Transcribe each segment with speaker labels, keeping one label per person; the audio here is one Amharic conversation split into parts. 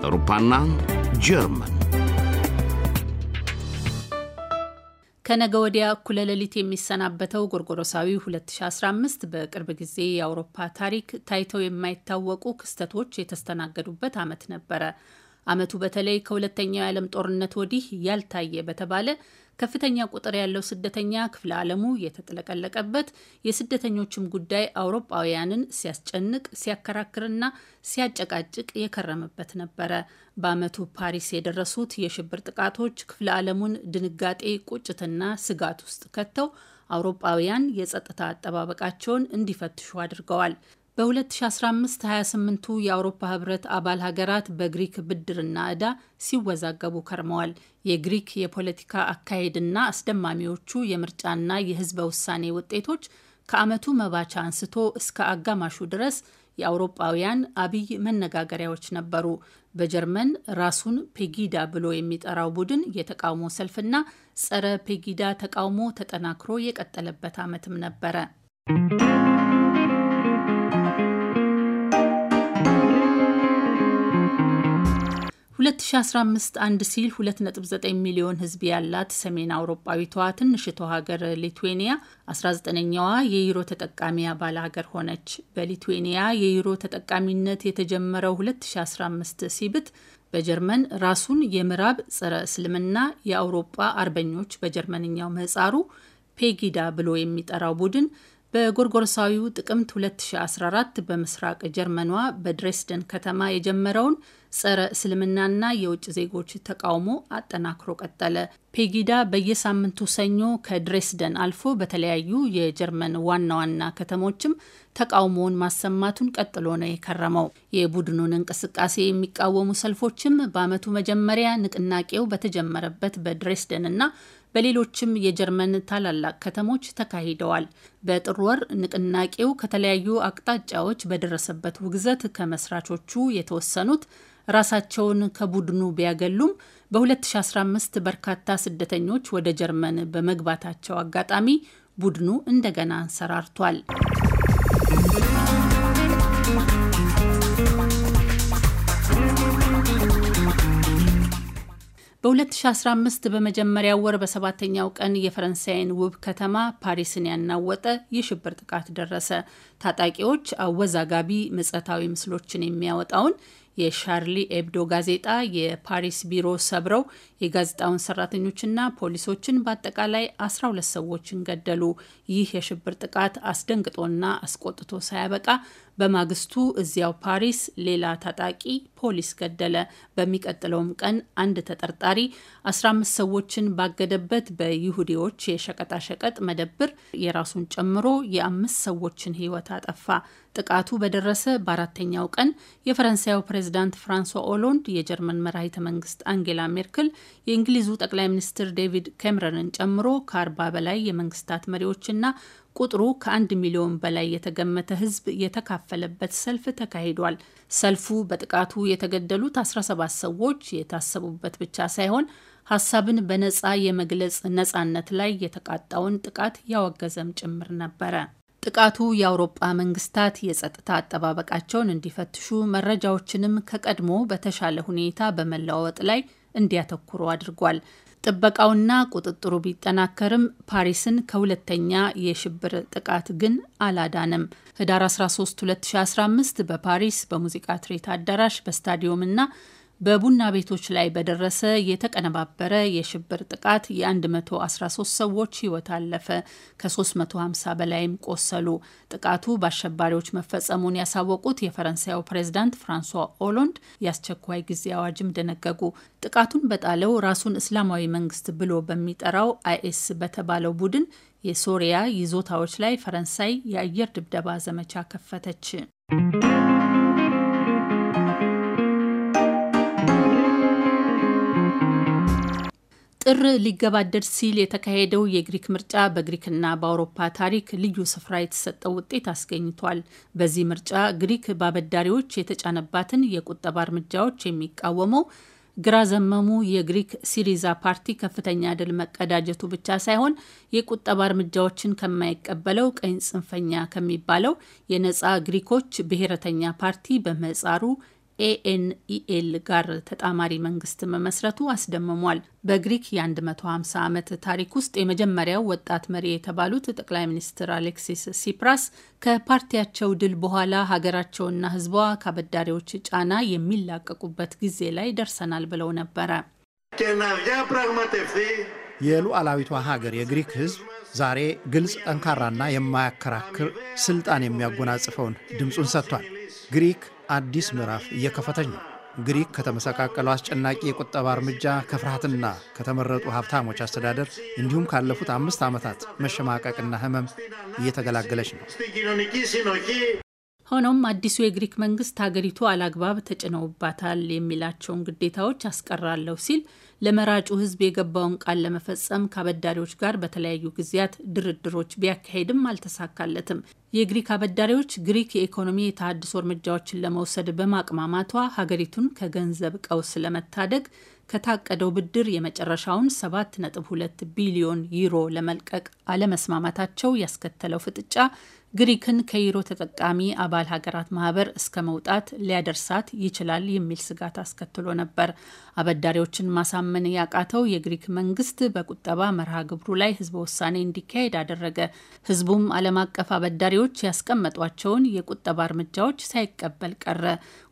Speaker 1: አውሮፓና ጀርመን
Speaker 2: ከነገ ወዲያ እኩለ ሌሊት የሚሰናበተው ጎርጎሮሳዊ 2015 በቅርብ ጊዜ የአውሮፓ ታሪክ ታይተው የማይታወቁ ክስተቶች የተስተናገዱበት ዓመት ነበረ። ዓመቱ በተለይ ከሁለተኛው የዓለም ጦርነት ወዲህ ያልታየ በተባለ ከፍተኛ ቁጥር ያለው ስደተኛ ክፍለ ዓለሙ የተጥለቀለቀበት የስደተኞችም ጉዳይ አውሮፓውያንን ሲያስጨንቅ ሲያከራክርና ሲያጨቃጭቅ የከረመበት ነበረ። በዓመቱ ፓሪስ የደረሱት የሽብር ጥቃቶች ክፍለ ዓለሙን ድንጋጤ፣ ቁጭትና ስጋት ውስጥ ከተው አውሮፓውያን የጸጥታ አጠባበቃቸውን እንዲፈትሹ አድርገዋል። በ2015 28ቱ የአውሮፓ ህብረት አባል ሀገራት በግሪክ ብድርና ዕዳ ሲወዛገቡ ከርመዋል። የግሪክ የፖለቲካ አካሄድና አስደማሚዎቹ የምርጫና የህዝበ ውሳኔ ውጤቶች ከዓመቱ መባቻ አንስቶ እስከ አጋማሹ ድረስ የአውሮጳውያን አብይ መነጋገሪያዎች ነበሩ። በጀርመን ራሱን ፔጊዳ ብሎ የሚጠራው ቡድን የተቃውሞ ሰልፍና ጸረ ፔጊዳ ተቃውሞ ተጠናክሮ የቀጠለበት ዓመትም ነበረ። 2015 አንድ ሲል 2.9 ሚሊዮን ህዝብ ያላት ሰሜን አውሮፓዊቷ ትንሽቷ ሀገር ሊትዌኒያ 19ኛዋ የዩሮ ተጠቃሚ አባል ሀገር ሆነች። በሊትዌኒያ የዩሮ ተጠቃሚነት የተጀመረው 2015 ሲብት በጀርመን ራሱን የምዕራብ ጸረ እስልምና የአውሮፓ አርበኞች በጀርመንኛው ምህጻሩ ፔጊዳ ብሎ የሚጠራው ቡድን በጎርጎርሳዊው ጥቅምት 2014 በምስራቅ ጀርመኗ በድሬስደን ከተማ የጀመረውን ጸረ እስልምናና የውጭ ዜጎች ተቃውሞ አጠናክሮ ቀጠለ። ፔጊዳ በየሳምንቱ ሰኞ ከድሬስደን አልፎ በተለያዩ የጀርመን ዋና ዋና ከተሞችም ተቃውሞውን ማሰማቱን ቀጥሎ ነው የከረመው። የቡድኑን እንቅስቃሴ የሚቃወሙ ሰልፎችም በዓመቱ መጀመሪያ ንቅናቄው በተጀመረበት በድሬስደንና በሌሎችም የጀርመን ታላላቅ ከተሞች ተካሂደዋል። በጥር ወር ንቅናቄው ከተለያዩ አቅጣጫዎች በደረሰበት ውግዘት ከመስራቾቹ የተወሰኑት ራሳቸውን ከቡድኑ ቢያገሉም በ2015 በርካታ ስደተኞች ወደ ጀርመን በመግባታቸው አጋጣሚ ቡድኑ እንደገና አንሰራርቷል። በ2015 በመጀመሪያ ወር በሰባተኛው ቀን የፈረንሳይን ውብ ከተማ ፓሪስን ያናወጠ የሽብር ጥቃት ደረሰ። ታጣቂዎች አወዛጋቢ ምጸታዊ ምስሎችን የሚያወጣውን የሻርሊ ኤብዶ ጋዜጣ የፓሪስ ቢሮ ሰብረው የጋዜጣውን ሰራተኞችና ፖሊሶችን በአጠቃላይ 12 ሰዎችን ገደሉ። ይህ የሽብር ጥቃት አስደንግጦና አስቆጥቶ ሳያበቃ በማግስቱ እዚያው ፓሪስ ሌላ ታጣቂ ፖሊስ ገደለ። በሚቀጥለውም ቀን አንድ ተጠርጣሪ 15 ሰዎችን ባገደበት በይሁዲዎች የሸቀጣሸቀጥ መደብር የራሱን ጨምሮ የአምስት ሰዎችን ሕይወት አጠፋ። ጥቃቱ በደረሰ በአራተኛው ቀን የፈረንሳዩ ፕሬዚዳንት ፍራንሷ ኦሎንድ፣ የጀርመን መራሂተ መንግስት አንጌላ ሜርክል፣ የእንግሊዙ ጠቅላይ ሚኒስትር ዴቪድ ካምረንን ጨምሮ ከአርባ በላይ የመንግስታት መሪዎችና ቁጥሩ ከአንድ ሚሊዮን በላይ የተገመተ ህዝብ የተካፈለበት ሰልፍ ተካሂዷል። ሰልፉ በጥቃቱ የተገደሉት 17 ሰዎች የታሰቡበት ብቻ ሳይሆን ሀሳብን በነፃ የመግለጽ ነፃነት ላይ የተቃጣውን ጥቃት ያወገዘም ጭምር ነበረ። ጥቃቱ የአውሮጳ መንግስታት የጸጥታ አጠባበቃቸውን እንዲፈትሹ መረጃዎችንም ከቀድሞ በተሻለ ሁኔታ በመለዋወጥ ላይ እንዲያተኩሩ አድርጓል። ጥበቃውና ቁጥጥሩ ቢጠናከርም ፓሪስን ከሁለተኛ የሽብር ጥቃት ግን አላዳንም። ህዳር 13 2015 በፓሪስ በሙዚቃ ትርኢት አዳራሽ፣ በስታዲየምና በቡና ቤቶች ላይ በደረሰ የተቀነባበረ የሽብር ጥቃት የ113 ሰዎች ሕይወት አለፈ፣ ከ350 በላይም ቆሰሉ። ጥቃቱ በአሸባሪዎች መፈጸሙን ያሳወቁት የፈረንሳዩ ፕሬዝዳንት ፍራንሷ ኦሎንድ የአስቸኳይ ጊዜ አዋጅም ደነገጉ። ጥቃቱን በጣለው ራሱን እስላማዊ መንግስት ብሎ በሚጠራው አይኤስ በተባለው ቡድን የሶሪያ ይዞታዎች ላይ ፈረንሳይ የአየር ድብደባ ዘመቻ ከፈተች። ጥር ሊገባደድ ሲል የተካሄደው የግሪክ ምርጫ በግሪክና በአውሮፓ ታሪክ ልዩ ስፍራ የተሰጠው ውጤት አስገኝቷል። በዚህ ምርጫ ግሪክ በአበዳሪዎች የተጫነባትን የቁጠባ እርምጃዎች የሚቃወመው ግራ ዘመሙ የግሪክ ሲሪዛ ፓርቲ ከፍተኛ ድል መቀዳጀቱ ብቻ ሳይሆን የቁጠባ እርምጃዎችን ከማይቀበለው ቀኝ ጽንፈኛ ከሚባለው የነፃ ግሪኮች ብሔረተኛ ፓርቲ በምህጻሩ ኤኤንኢኤል ጋር ተጣማሪ መንግስት መመስረቱ አስደምሟል። በግሪክ የ150 ዓመት ታሪክ ውስጥ የመጀመሪያው ወጣት መሪ የተባሉት ጠቅላይ ሚኒስትር አሌክሲስ ሲፕራስ ከፓርቲያቸው ድል በኋላ ሀገራቸውና ሕዝቧ ከአበዳሪዎች ጫና የሚላቀቁበት ጊዜ ላይ ደርሰናል ብለው ነበረ።
Speaker 1: የሉዓላዊቷ ሀገር የግሪክ ሕዝብ ዛሬ ግልጽ፣ ጠንካራና የማያከራክር ስልጣን የሚያጎናጽፈውን ድምፁን ሰጥቷል። ግሪክ አዲስ ምዕራፍ እየከፈተች ነው። ግሪክ ከተመሰቃቀለው አስጨናቂ የቁጠባ እርምጃ ከፍርሃትና ከተመረጡ ሀብታሞች አስተዳደር እንዲሁም ካለፉት አምስት ዓመታት መሸማቀቅና ሕመም እየተገላገለች ነው።
Speaker 2: ሆኖም አዲሱ የግሪክ መንግስት ሀገሪቱ አላግባብ ተጭነውባታል የሚላቸውን ግዴታዎች አስቀራለሁ ሲል ለመራጩ ህዝብ የገባውን ቃል ለመፈጸም ከአበዳሪዎች ጋር በተለያዩ ጊዜያት ድርድሮች ቢያካሄድም አልተሳካለትም። የግሪክ አበዳሪዎች ግሪክ የኢኮኖሚ የተሃድሶ እርምጃዎችን ለመውሰድ በማቅማማቷ ሀገሪቱን ከገንዘብ ቀውስ ለመታደግ ከታቀደው ብድር የመጨረሻውን 7.2 ቢሊዮን ዩሮ ለመልቀቅ አለመስማማታቸው ያስከተለው ፍጥጫ ግሪክን ከዩሮ ተጠቃሚ አባል ሀገራት ማህበር እስከ መውጣት ሊያደርሳት ይችላል የሚል ስጋት አስከትሎ ነበር። አበዳሪዎችን ማሳመን ያቃተው የግሪክ መንግስት በቁጠባ መርሃ ግብሩ ላይ ህዝበ ውሳኔ እንዲካሄድ አደረገ። ህዝቡም ዓለም አቀፍ አበዳሪዎች ያስቀመጧቸውን የቁጠባ እርምጃዎች ሳይቀበል ቀረ።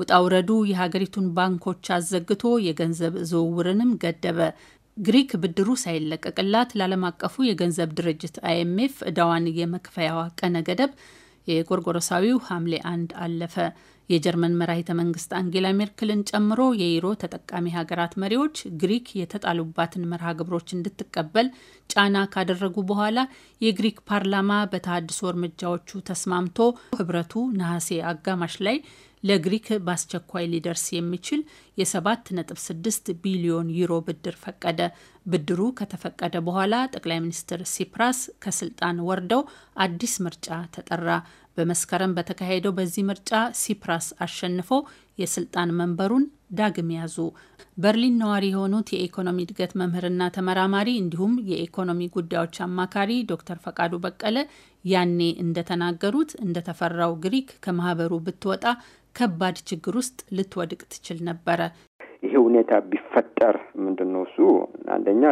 Speaker 2: ውጣውረዱ የሀገሪቱን ባንኮች አዘግቶ የገንዘብ ዝውውርንም ገደበ። ግሪክ ብድሩ ሳይለቀቅላት ለዓለም አቀፉ የገንዘብ ድርጅት አይኤምኤፍ እዳዋን የመክፈያዋ ቀነ ገደብ የጎርጎረሳዊው ሐምሌ አንድ አለፈ። የጀርመን መራሂተ መንግስት አንጌላ ሜርክልን ጨምሮ የዩሮ ተጠቃሚ ሀገራት መሪዎች ግሪክ የተጣሉባትን መርሃ ግብሮች እንድትቀበል ጫና ካደረጉ በኋላ የግሪክ ፓርላማ በተሃድሶ እርምጃዎቹ ተስማምቶ ህብረቱ ነሐሴ አጋማሽ ላይ ለግሪክ በአስቸኳይ ሊደርስ የሚችል የ7.6 ቢሊዮን ዩሮ ብድር ፈቀደ። ብድሩ ከተፈቀደ በኋላ ጠቅላይ ሚኒስትር ሲፕራስ ከስልጣን ወርደው አዲስ ምርጫ ተጠራ። በመስከረም በተካሄደው በዚህ ምርጫ ሲፕራስ አሸንፎ የስልጣን መንበሩን ዳግም ያዙ። በርሊን ነዋሪ የሆኑት የኢኮኖሚ እድገት መምህርና ተመራማሪ እንዲሁም የኢኮኖሚ ጉዳዮች አማካሪ ዶክተር ፈቃዱ በቀለ ያኔ እንደተናገሩት እንደተፈራው ግሪክ ከማህበሩ ብትወጣ ከባድ ችግር ውስጥ ልትወድቅ ትችል ነበረ።
Speaker 1: ይሄ ሁኔታ ቢፈጠር ምንድን ነው እሱ አንደኛ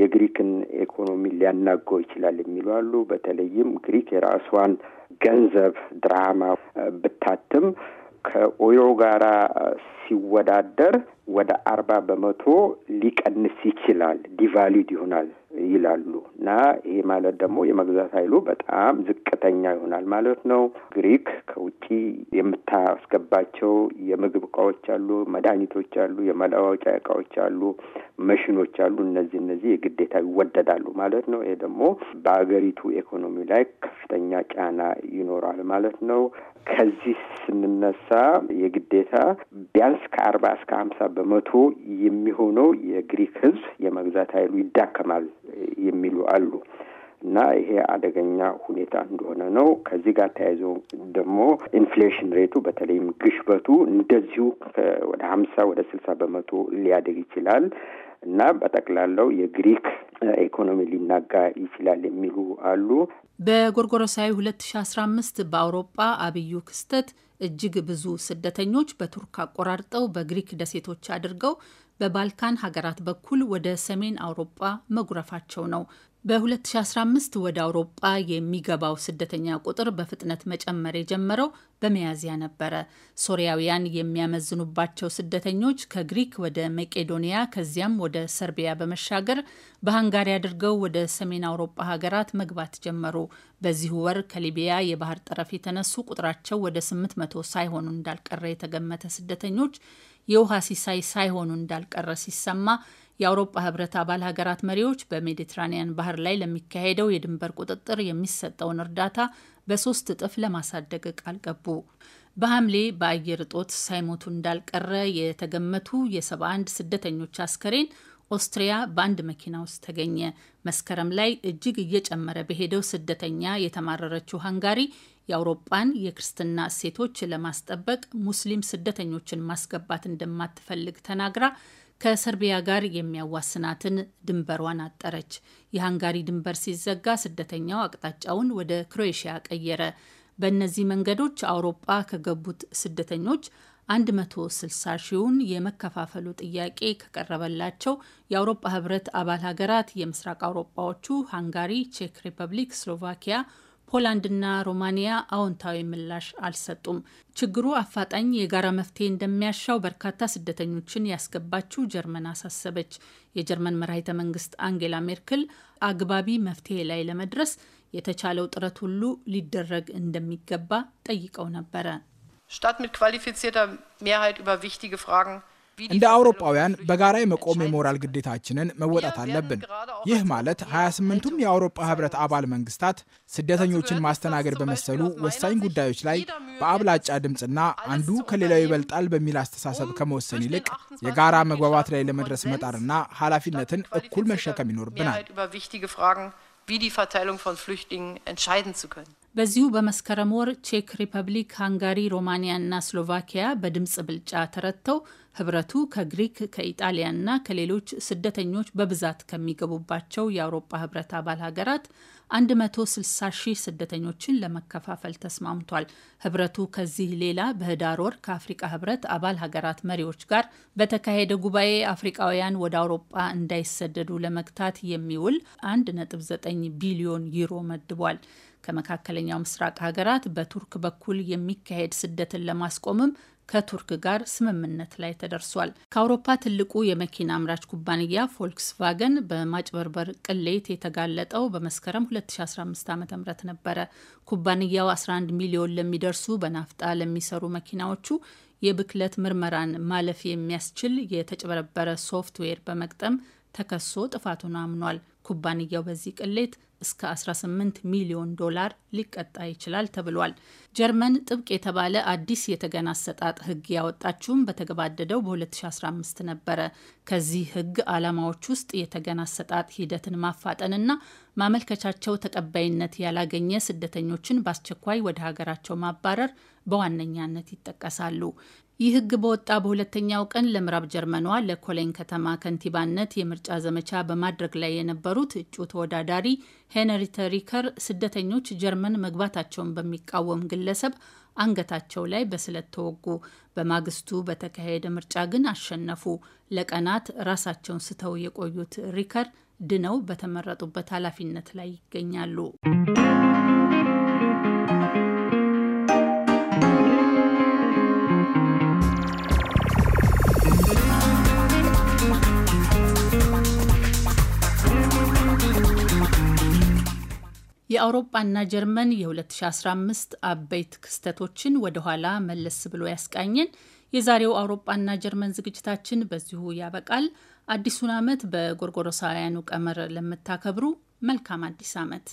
Speaker 1: የግሪክን ኢኮኖሚ ሊያናገው ይችላል የሚሉ አሉ። በተለይም ግሪክ የራሷን ገንዘብ ድራማ ብታትም ከኦዮ ጋራ ሲወዳደር ወደ አርባ በመቶ ሊቀንስ ይችላል፣ ዲቫሊድ ይሆናል ይላሉ እና ይሄ ማለት ደግሞ የመግዛት ኃይሉ በጣም ዝቅተኛ ይሆናል ማለት ነው። ግሪክ ከውጭ የምታስገባቸው የምግብ እቃዎች አሉ፣ መድኃኒቶች አሉ፣ የመለዋወጫ እቃዎች አሉ፣ መሽኖች አሉ። እነዚህ እነዚህ የግዴታ ይወደዳሉ ማለት ነው። ይሄ ደግሞ በሀገሪቱ ኢኮኖሚ ላይ ከፍተኛ ጫና ይኖራል ማለት ነው። ከዚህ ስንነሳ የግዴታ ቢያንስ ከአርባ እስከ ሀምሳ በመቶ የሚሆነው የግሪክ ህዝብ የመግዛት ኃይሉ ይዳከማል የሚሉ አሉ እና ይሄ አደገኛ ሁኔታ እንደሆነ ነው። ከዚህ ጋር ተያይዞ ደግሞ ኢንፍሌሽን ሬቱ በተለይም ግሽበቱ እንደዚሁ ወደ ሀምሳ ወደ ስልሳ በመቶ ሊያደግ ይችላል። እና በጠቅላላው የግሪክ ኢኮኖሚ ሊናጋ ይችላል የሚሉ አሉ።
Speaker 2: በጎርጎሮሳዊ 2015 በአውሮጳ አብዩ ክስተት እጅግ ብዙ ስደተኞች በቱርክ አቆራርጠው በግሪክ ደሴቶች አድርገው በባልካን ሀገራት በኩል ወደ ሰሜን አውሮጳ መጉረፋቸው ነው። በ2015 ወደ አውሮጳ የሚገባው ስደተኛ ቁጥር በፍጥነት መጨመር የጀመረው በመያዝያ ነበረ። ሶሪያውያን የሚያመዝኑባቸው ስደተኞች ከግሪክ ወደ መቄዶንያ ከዚያም ወደ ሰርቢያ በመሻገር በሃንጋሪ አድርገው ወደ ሰሜን አውሮፓ ሀገራት መግባት ጀመሩ። በዚሁ ወር ከሊቢያ የባህር ጠረፍ የተነሱ ቁጥራቸው ወደ 800 ሳይሆኑ እንዳልቀረ የተገመተ ስደተኞች የውሃ ሲሳይ ሳይሆኑ እንዳልቀረ ሲሰማ የአውሮፓ ህብረት አባል ሀገራት መሪዎች በሜዲትራኒያን ባህር ላይ ለሚካሄደው የድንበር ቁጥጥር የሚሰጠውን እርዳታ በሶስት እጥፍ ለማሳደግ ቃል ገቡ። በሐምሌ በአየር እጦት ሳይሞቱ እንዳልቀረ የተገመቱ የ71 ስደተኞች አስከሬን ኦስትሪያ በአንድ መኪና ውስጥ ተገኘ። መስከረም ላይ እጅግ እየጨመረ በሄደው ስደተኛ የተማረረችው ሃንጋሪ የአውሮጳን የክርስትና እሴቶች ለማስጠበቅ ሙስሊም ስደተኞችን ማስገባት እንደማትፈልግ ተናግራ ከሰርቢያ ጋር የሚያዋስናትን ድንበሯን አጠረች። የሃንጋሪ ድንበር ሲዘጋ ስደተኛው አቅጣጫውን ወደ ክሮኤሽያ ቀየረ። በእነዚህ መንገዶች አውሮጳ ከገቡት ስደተኞች 160 ሺውን የመከፋፈሉ ጥያቄ ከቀረበላቸው የአውሮፓ ህብረት አባል ሀገራት የምስራቅ አውሮፓዎቹ ሃንጋሪ፣ ቼክ ሪፐብሊክ፣ ስሎቫኪያ ፖላንድና ሮማኒያ አዎንታዊ ምላሽ አልሰጡም። ችግሩ አፋጣኝ የጋራ መፍትሄ እንደሚያሻው በርካታ ስደተኞችን ያስገባችው ጀርመን አሳሰበች። የጀርመን መራሂተ መንግስት አንጌላ ሜርክል አግባቢ መፍትሄ ላይ ለመድረስ የተቻለው ጥረት ሁሉ ሊደረግ እንደሚገባ ጠይቀው ነበረ። ስታት ሚት ኳሊፊዚርተር ሜርሃይት ዩበር ዊክቲገ Fragen እንደ አውሮፓውያን
Speaker 1: በጋራ የመቆም የሞራል ግዴታችንን መወጣት አለብን። ይህ ማለት 28ቱም የአውሮፓ ህብረት አባል መንግስታት ስደተኞችን ማስተናገድ በመሰሉ ወሳኝ ጉዳዮች ላይ በአብላጫ ድምፅና አንዱ ከሌላው ይበልጣል በሚል አስተሳሰብ ከመወሰን ይልቅ የጋራ መግባባት ላይ ለመድረስ መጣርና ኃላፊነትን እኩል መሸከም ይኖርብናል።
Speaker 2: በዚሁ በመስከረም ወር ቼክ ሪፐብሊክ፣ ሃንጋሪ፣ ሮማኒያ እና ስሎቫኪያ በድምፅ ብልጫ ተረድተው ህብረቱ ከግሪክ ከኢጣሊያ እና ከሌሎች ስደተኞች በብዛት ከሚገቡባቸው የአውሮፓ ህብረት አባል ሀገራት 160 ሺህ ስደተኞችን ለመከፋፈል ተስማምቷል። ህብረቱ ከዚህ ሌላ በህዳር ወር ከአፍሪቃ ህብረት አባል ሀገራት መሪዎች ጋር በተካሄደ ጉባኤ አፍሪቃውያን ወደ አውሮፓ እንዳይሰደዱ ለመግታት የሚውል 1.9 ቢሊዮን ዩሮ መድቧል። ከመካከለኛው ምስራቅ ሀገራት በቱርክ በኩል የሚካሄድ ስደትን ለማስቆምም ከቱርክ ጋር ስምምነት ላይ ተደርሷል። ከአውሮፓ ትልቁ የመኪና አምራች ኩባንያ ፎልክስቫገን በማጭበርበር ቅሌት የተጋለጠው በመስከረም 2015 ዓ ም ነበረ። ኩባንያው 11 ሚሊዮን ለሚደርሱ በናፍጣ ለሚሰሩ መኪናዎቹ የብክለት ምርመራን ማለፍ የሚያስችል የተጭበረበረ ሶፍትዌር በመቅጠም ተከሶ ጥፋቱን አምኗል። ኩባንያው በዚህ ቅሌት እስከ 18 ሚሊዮን ዶላር ሊቀጣ ይችላል ተብሏል። ጀርመን ጥብቅ የተባለ አዲስ የተገና አሰጣጥ ሕግ ያወጣችውም በተገባደደው በ2015 ነበረ። ከዚህ ህግ ዓላማዎች ውስጥ የተገና አሰጣጥ ሂደትን ማፋጠንና ማመልከቻቸው ተቀባይነት ያላገኘ ስደተኞችን በአስቸኳይ ወደ ሀገራቸው ማባረር በዋነኛነት ይጠቀሳሉ። ይህ ህግ በወጣ በሁለተኛው ቀን ለምዕራብ ጀርመኗ ለኮሌን ከተማ ከንቲባነት የምርጫ ዘመቻ በማድረግ ላይ የነበሩት እጩ ተወዳዳሪ ሄነሪተ ሪከር ስደተኞች ጀርመን መግባታቸውን በሚቃወም ግለሰብ አንገታቸው ላይ በስለት ተወጉ። በማግስቱ በተካሄደ ምርጫ ግን አሸነፉ። ለቀናት ራሳቸውን ስተው የቆዩት ሪከር ድነው በተመረጡበት ኃላፊነት ላይ ይገኛሉ። የአውሮጳና ጀርመን የ2015 አበይት ክስተቶችን ወደኋላ መለስ ብሎ ያስቃኘን የዛሬው አውሮጳና ጀርመን ዝግጅታችን በዚሁ ያበቃል። አዲሱን ዓመት በጎርጎሮሳውያኑ ቀመር ለምታከብሩ መልካም አዲስ ዓመት።